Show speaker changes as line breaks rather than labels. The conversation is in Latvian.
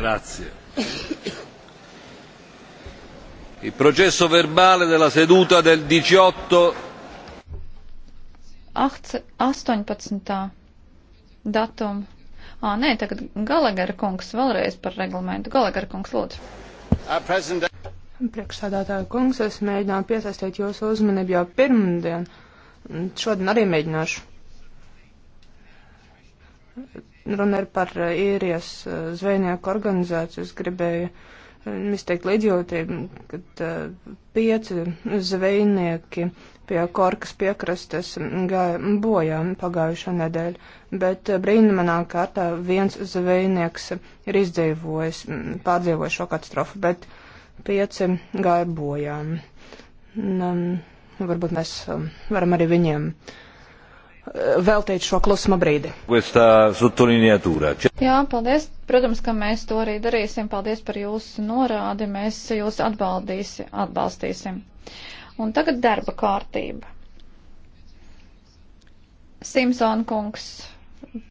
Grazie. Il processo verbale della seduta del 18.
18. datumu. Ā,
nē, tagad Galagara kungs vēlreiz par reglamentu. Galagara kungs,
lūdzu.
Priekšsādātāja kungs, es mēģināju piesaistīt jūsu uzmanību jau pirmdien. Šodien arī mēģināšu. Runa ir par eh, īrijas eh, zvejnieku organizāciju. Es gribēju mm, izteikt līdzjūtību, kad eh, pieci zvejnieki pie Korkas piekrastes mm, gāja bojā pagājušā nedēļa, bet brīnumanā kārtā viens zvejnieks ir izdzīvojis, mm, pārdzīvojis šo katastrofu, bet pieci gāja bojā. Un, um, varbūt mēs um, varam arī viņiem uh, veltīt šo klusuma brīdi.
Jā, paldies. Protams, ka mēs to arī darīsim. Paldies par jūsu norādi. Mēs jūs atbalstīsim. Un tagad darba kārtība. Simpson kungs